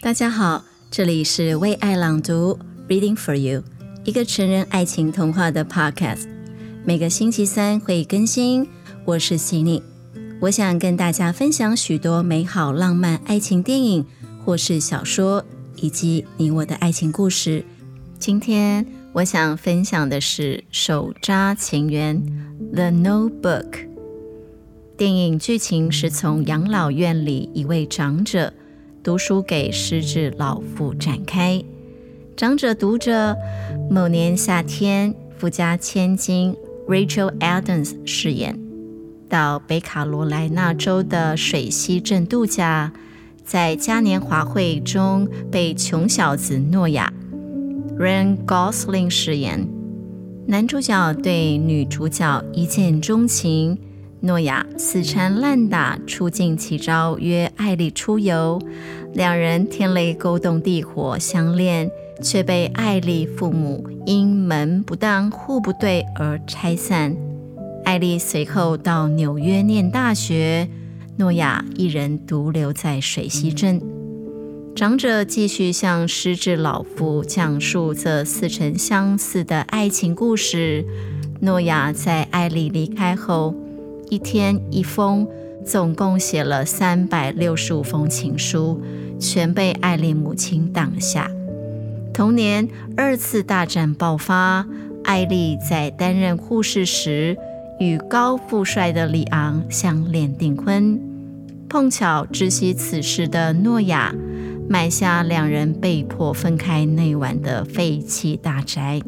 大家好，這裡是為愛朗讀 （Reading for You），一個成人愛情童話的 Podcast，每個星期三會更新。我是西尼。我想跟大家分享許多美好浪漫愛情電影，或是小說，以及你我的愛情故事。今天我想分享的是《手札情緣》（The Notebook）。電影劇情是從養老院裡一位長者讀書給失智老婦展開。長者讀著某年夏天，富家千金 Rachel Adams 飾演。到北卡羅來納州的水溪鎮度假，在嘉年華會中被窮小子諾亞 （Ryan Gosling） 飾演，男主角對女主角一見鍾情，諾亞死纏爛打，出盡奇招約艾莉出遊，兩人天雷勾動地火相戀，卻被艾莉父母因門不當戶不對而拆散。艾麗隨後到紐約念大學，諾亞一人獨留在水溪鎮。長者繼續向失智老婦講述這似曾相似的愛情故事。諾亞在艾麗離開後，一天一封，總共寫了三百六十五封情書，全被艾麗母親擋下。同年，二次大戰爆發，艾麗在擔任護士時。與高富帥的里昂相戀訂婚，碰巧知悉此事的諾亞買下兩人被迫分開那晚的廢棄大宅，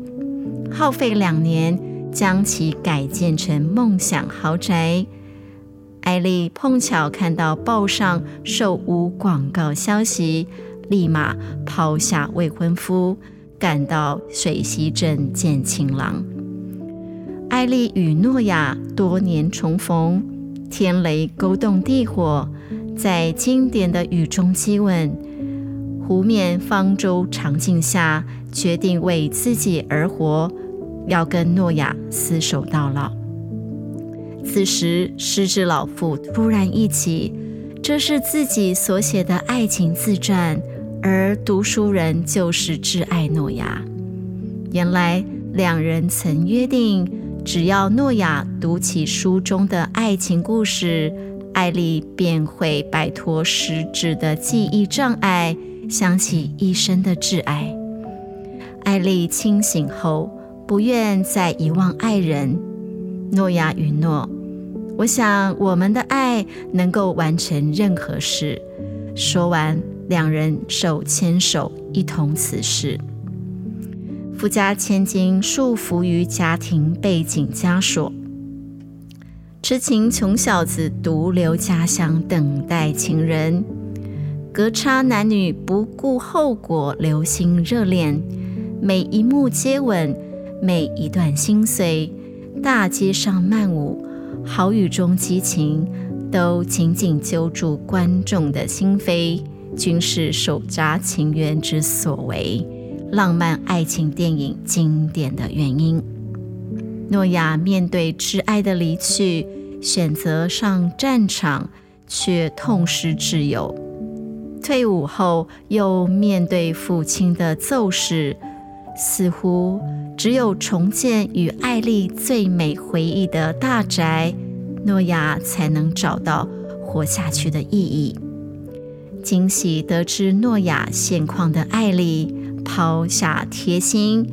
耗費兩年將其改建成夢想豪宅。艾麗碰巧看到報上售屋廣告消息，立馬拋下未婚夫，趕到水西鎮見情郎。艾莉與諾亞多年重逢，天雷勾動地火，在經典的雨中激吻。湖面方舟長鏡下，決定為自己而活，要跟諾亞廝守到老。此時失智老婦突然憶起，這是自己所寫的愛情自傳，而讀書人就是摯愛諾亞。原來兩人曾約定。只要諾亞讀起書中的愛情故事，艾麗便會擺脫失智的記憶障礙，想起一生的摯愛。艾麗清醒後不願再遺忘愛人，諾亞允諾：“我想我們的愛能夠完成任何事。”說完，兩人手牽手一同辭世。富家千金束縛於家庭背景枷鎖，痴情窮小子獨留家鄉等待情人，格差男女不顧後果留心熱戀，每一幕接吻，每一段心碎，大街上漫舞，豪雨中激情，都緊緊揪住觀眾的心扉，均是手札情緣之所為。浪漫愛情電影經典的原因。諾亞面對摯愛的離去，選擇上戰場，卻痛失摯友。退伍後又面對父親的驟逝，似乎只有重建與艾麗最美回憶的大宅，諾亞才能找到活下去的意義。驚喜得知諾亞現況的艾麗。拋下貼心、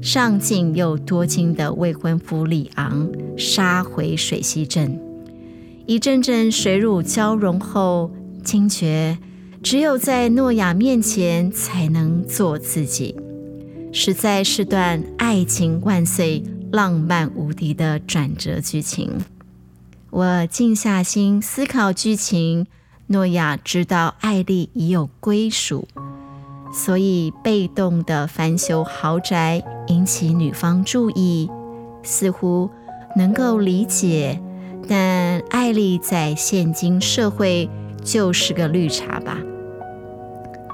上進又多金的未婚夫李昂，殺回水溪鎮。一陣陣水乳交融後，驚覺只有在諾亞面前才能做自己，實在是段愛情萬歲、浪漫無敵的轉折劇情。我靜下心思考劇情，諾亞知道艾麗已有歸屬。所以被動地翻修豪宅引起女方注意，似乎能夠理解。但艾麗在現今社會就是個綠茶吧？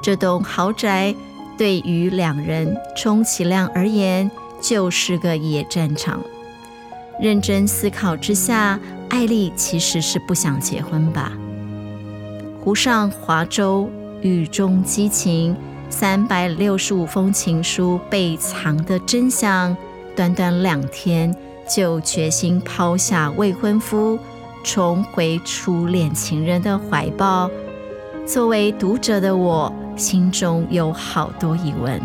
這棟豪宅對於兩人充其量而言就是個野戰場。認真思考之下，艾麗其實是不想結婚吧？湖上划舟，雨中激情。三百六十五封情書被藏的真相，短短兩天就決心拋下未婚夫，重回初戀情人的懷抱。作為讀者的我，心中有好多疑問。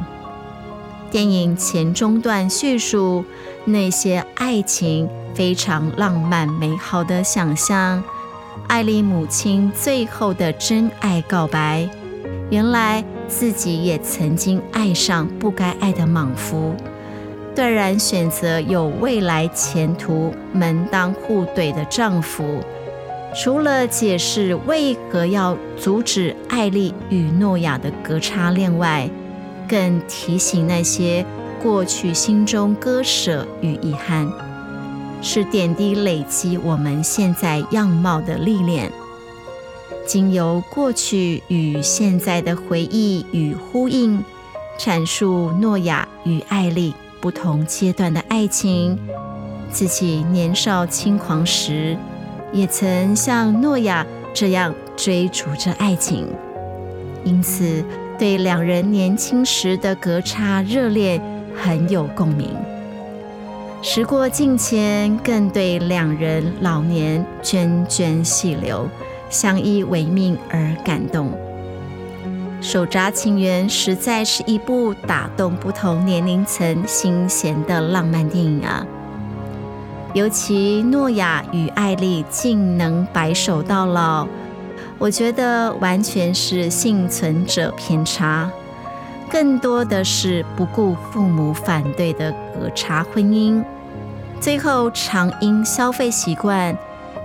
電影前中段敘述那些愛情非常浪漫美好的想象，艾麗母親最後的真愛告白，原來。自己也曾經愛上不該愛的莽夫，斷然選擇有未來前途、門當戶對的丈夫。除了解釋為何要阻止艾麗與諾亞的格差戀外，更提醒那些過去心中割捨與遺憾，是點滴累積我們現在樣貌的歷練。經由過去與現在的回憶與呼應，闡述諾亞與艾麗不同階段的愛情。自己年少輕狂時，也曾像諾亞這樣追逐着愛情，因此對兩人年輕時的隔差熱戀很有共鳴。時過境遷，更對兩人老年涓涓細流。相依為命而感動，《手札情緣》實在是一部打動不同年齡層心弦的浪漫電影啊！尤其諾亞與艾麗竟能白首到老，我覺得完全是幸存者偏差，更多的是不顧父母反對的格差婚姻，最後常因消費習慣、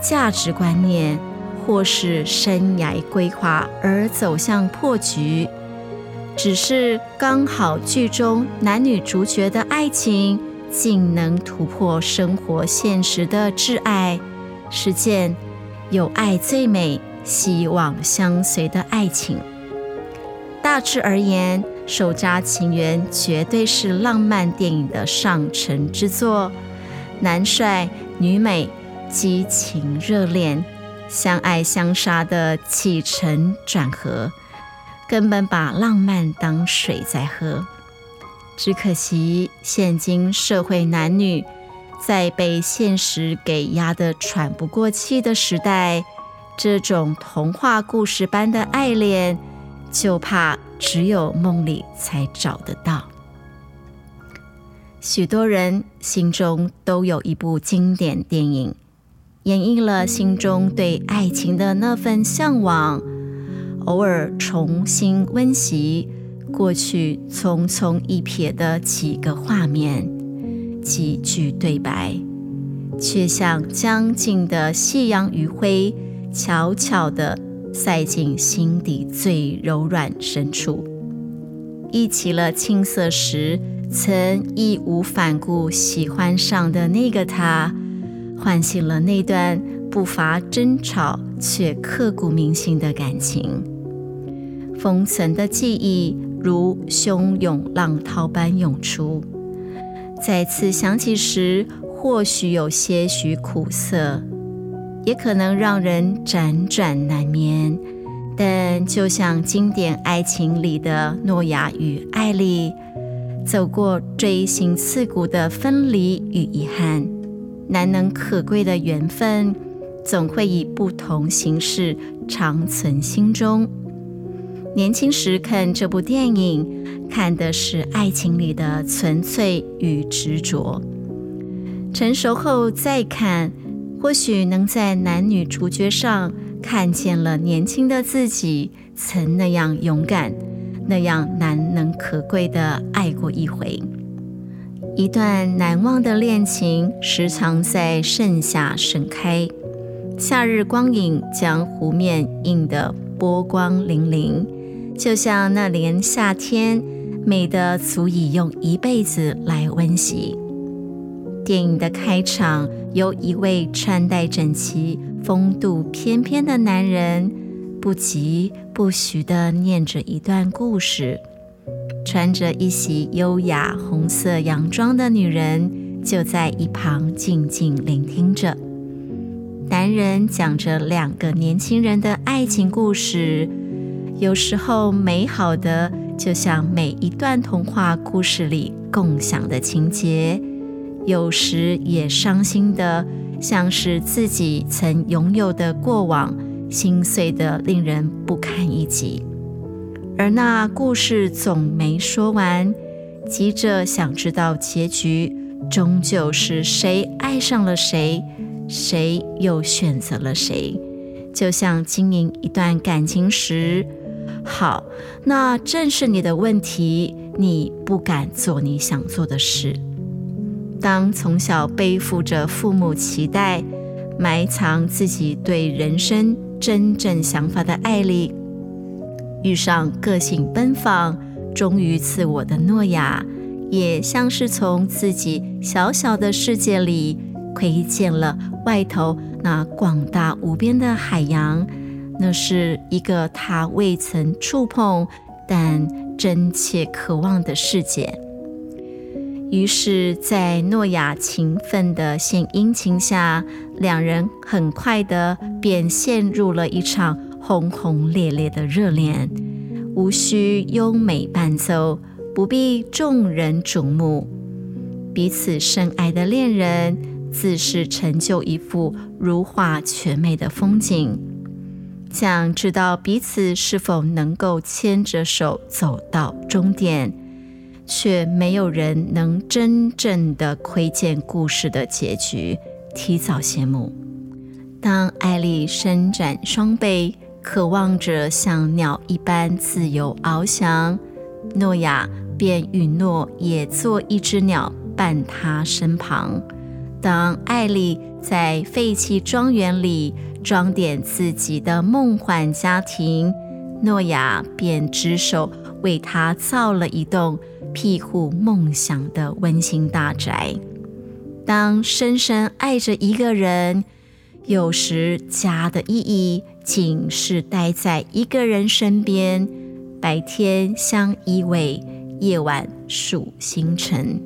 價值觀念。或是生涯規劃而走向破局，只是剛好劇中男女主角的愛情竟能突破生活現實的摯愛，實踐有愛最美、希望相隨的愛情。大致而言，《手札情緣》絕對是浪漫電影的上乘之作，男帥女美，激情熱戀。相愛相殺的起承轉合，根本把浪漫當水在喝。只可惜，現今社會男女在被現實給壓得喘不過氣的時代，這種童話故事般的愛戀，就怕只有夢裡才找得到。許多人心中都有一部經典電影。掩映了心中對愛情的那份向往，偶爾重新溫習過去匆匆一瞥的幾個畫面、幾句對白，卻像將盡的夕陽餘暉，悄悄地塞進心底最柔軟深處，憶起了青澀時曾義無反顧喜歡上的那個他。喚醒了那段不乏爭吵卻刻骨銘心的感情，封存的記憶如洶湧浪濤般湧出。再次想起時，或許有些許苦澀，也可能讓人輾轉難眠。但就像經典愛情裡的諾亞與艾麗，走過錐心刺骨的分離與遺憾。難能可貴的緣分，總會以不同形式長存心中。年輕時看這部電影，看的是愛情裡的純粹與執着；成熟後再看，或許能在男女主角上看見了年輕的自己，曾那樣勇敢、那樣難能可貴的愛過一回。一段難忘的戀情，時常在盛夏盛開。夏日光影將湖面映得波光粼粼，就像那年夏天，美得足以用一輩子來溫習。電影的開場，由一位穿戴整齊、風度翩翩的男人，不疾不徐地念着一段故事。穿着一襲優雅紅色洋裝的女人就在一旁靜靜聆聽着，男人講着兩個年輕人的愛情故事。有時候美好的就像每一段童話故事裡共享的情節，有時也傷心的像是自己曾擁有的過往，心碎的令人不堪一擊。而那故事總沒說完，急着想知道結局，終究是誰愛上了誰，誰又選擇了誰？就像經營一段感情時，好，那正是你的問題，你不敢做你想做的事。當從小背負着父母期待，埋藏自己對人生真正想法的艾麗。遇上個性奔放、忠於自我的諾亞，也像是從自己小小的世界裡窺見了外頭那廣大無邊的海洋。那是一個他未曾觸碰但真切渴望的世界。於是，在諾亞勤奮的獻殷勤下，兩人很快的便陷入了一場。轟轟烈烈的熱戀，無需優美伴奏，不必眾人矚目，彼此深愛的戀人，自是成就一幅如畫絕美的風景。想知道彼此是否能夠牽着手走到終點，卻沒有人能真正的窺見故事的結局，提早謝幕。當艾麗伸展雙臂。渴望着像鳥一般自由翱翔，諾亞便允諾也做一只鳥伴他身旁。當艾麗在廢棄莊園裡裝點自己的夢幻家庭，諾亞便只手為她造了一棟庇護夢想的溫馨大宅。當深深愛着一個人。有時家的意義，僅是待在一個人身邊，白天相依偎，夜晚數星辰。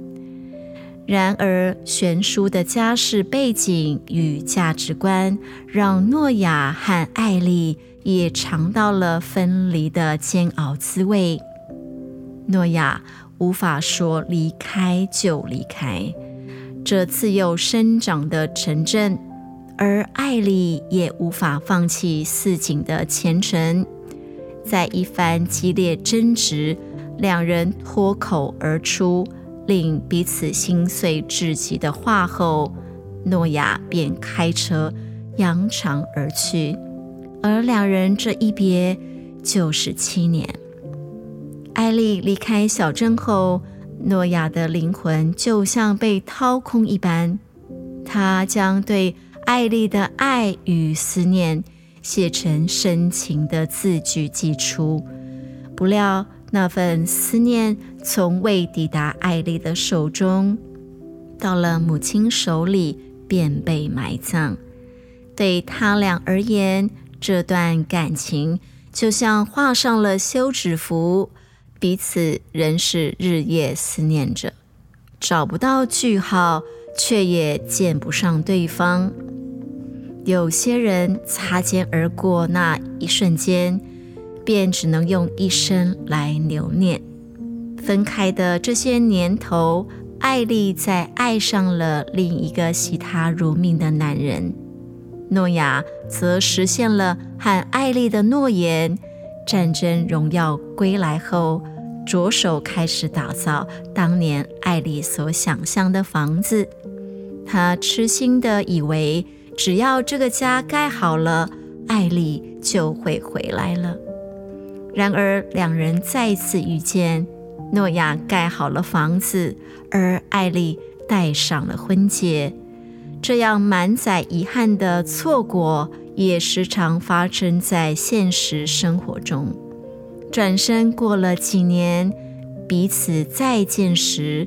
然而，懸殊的家世背景與價值觀，讓諾亞和艾麗也嘗到了分離的煎熬滋味。諾亞無法說離開就離開這自幼生長的城鎮。而艾麗也無法放棄似錦的前程，在一番激烈爭執，兩人脫口而出令彼此心碎至極的話後，諾亞便開車揚長而去。而兩人這一別就是七年。艾麗離開小鎮後，諾亞的靈魂就像被掏空一般，他將對。艾麗的愛與思念寫成深情的字句寄出，不料那份思念從未抵達艾麗的手中，到了母親手裡便被埋葬。對他倆而言，這段感情就像畫上了休止符，彼此仍是日夜思念着，找不到句號，卻也見不上對方。有些人擦肩而過，那一瞬間便只能用一生來留念。分開的這些年頭，艾麗再愛上了另一個惜她如命的男人；諾亞則實現了和艾麗的諾言。戰爭榮耀歸來後，着手開始打造當年艾麗所想象的房子。他癡心的以為。只要這個家蓋好了，艾麗就會回來了。然而，兩人再次遇見，諾亞蓋好了房子，而艾麗戴上了婚戒。這樣滿載遺憾的錯過，也時常發生在現實生活中。轉身過了幾年，彼此再見時，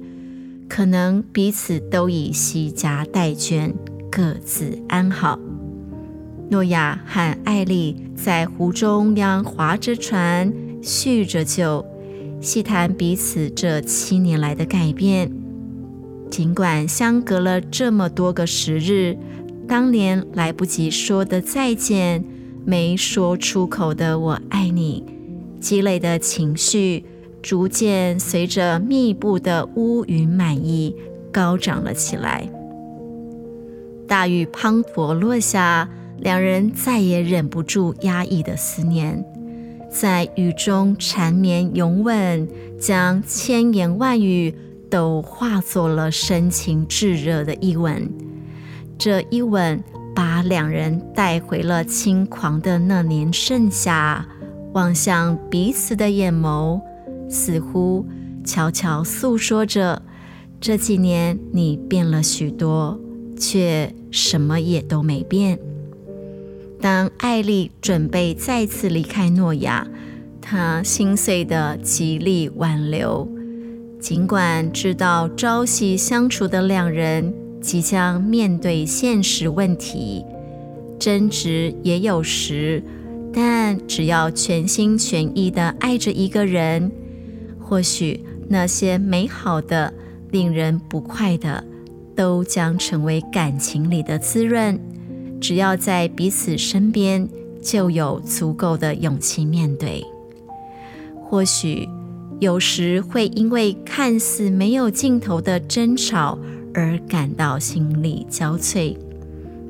可能彼此都已攜家帶眷。各自安好。諾亞和艾麗在湖中央划着船，敘着舊，細談彼此這七年來的改變。儘管相隔了這麼多個時日，當年來不及說的再見，沒說出口的“我愛你”，積累的情緒，逐漸隨着密布的烏雲滿溢，高漲了起來。大雨滂沱落下，兩人再也忍不住壓抑的思念，在雨中纏綿擁吻，將千言萬語都化作了深情炙熱的一吻。這一吻把兩人帶回了輕狂的那年盛夏，望向彼此的眼眸，似乎悄悄訴說着：這幾年你變了許多，卻，什麼也都沒變。當艾麗準備再次離開諾亞，他心碎的極力挽留，儘管知道朝夕相處的兩人即將面對現實問題，爭執也有時，但只要全心全意的愛着一個人，或許那些美好的、令人不快的。都將成為感情裡的滋潤。只要在彼此身邊，就有足夠的勇氣面對。或許有時會因為看似沒有盡頭的爭吵而感到心力交瘁，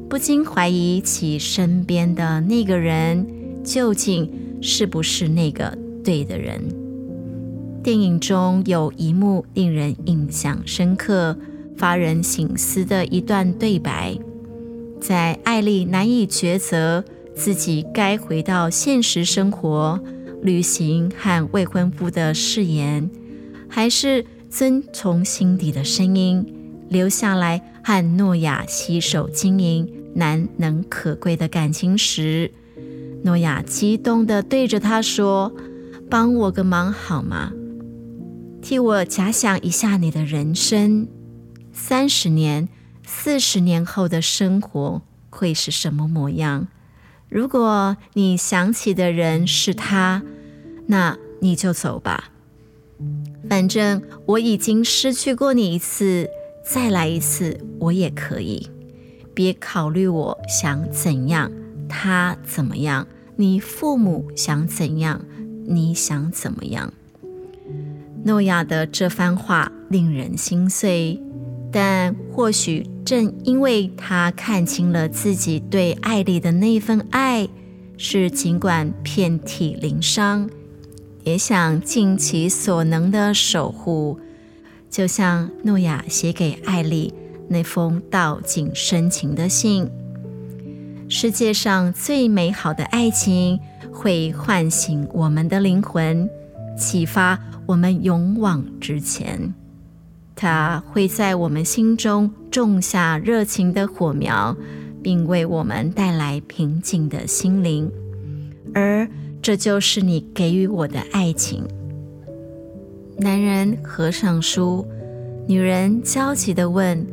不禁懷疑起身邊的那個人究竟是不是那個對的人。電影中有一幕令人印象深刻。發人省思的一段對白，在艾麗難以抉擇自己該回到現實生活、履行和未婚夫的誓言，還是遵從心底的聲音，留下來和諾亞攜手經營難能可貴的感情時，諾亞激動地對着她說：“幫我個忙好嗎？替我假想一下你的人生。”三十年、四十年後的生活會是什麼模樣？如果你想起的人是他，那你就走吧。反正我已經失去過你一次，再來一次我也可以。別考慮我想怎樣，他怎麼樣，你父母想怎樣，你想怎麼樣。諾亞的這番話令人心碎。但或許，正因為他看清了自己對艾麗的那份愛，是儘管遍體鱗傷，也想盡其所能的守護。就像諾亞寫給艾麗那封道盡深情的信：“世界上最美好的愛情，會喚醒我們的靈魂，啟發我們勇往直前。”他會在我們心中種下熱情的火苗，並為我們帶來平靜的心靈。而這就是你給予我的愛情。男人合上書，女人焦急地問：“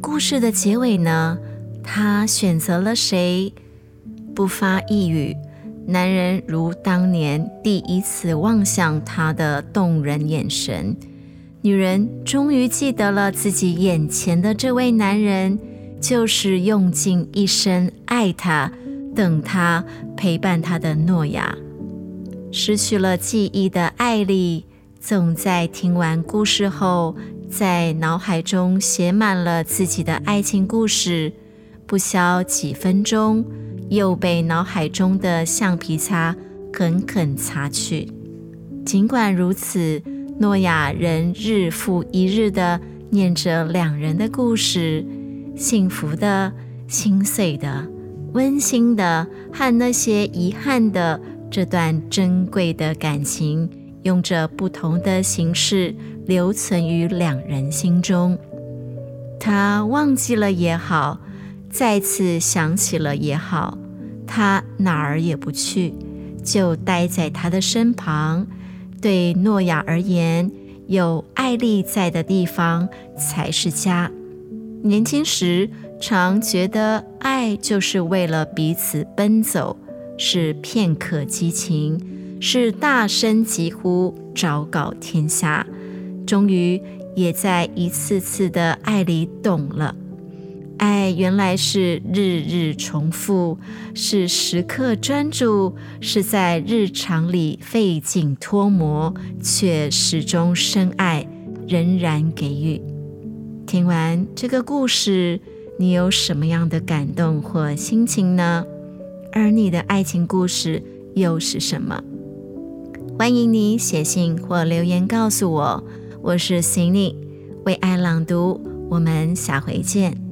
故事的結尾呢？他選擇了誰？”不發一語。男人如當年第一次望向她的動人眼神。女人終於記得了自己眼前的這位男人，就是用盡一生愛她、等她、陪伴她的諾亞。失去了記憶的艾麗總在聽完故事後，在腦海中寫滿了自己的愛情故事，不消幾分鐘，又被腦海中的橡皮擦狠狠擦去。儘管如此。諾亞仍日復一日地念着兩人的故事，幸福的、心碎的、溫馨的和那些遺憾的。這段珍貴的感情，用着不同的形式留存於兩人心中。他忘記了也好，再次想起了也好，他哪兒也不去，就待在他的身旁。對諾亞而言，有愛麗在的地方才是家。年輕時常覺得愛就是為了彼此奔走，是片刻激情，是大聲疾呼昭告天下。終於，也在一次次的愛裡懂了。愛原來是日日重複，是時刻專注，是在日常裡費盡脫模，卻始終深愛，仍然給予。聽完這個故事，你有什麼樣的感動或心情呢？而你的愛情故事又是什麼？歡迎你寫信或留言告訴我。我是行寧，為愛朗讀，我們下回見。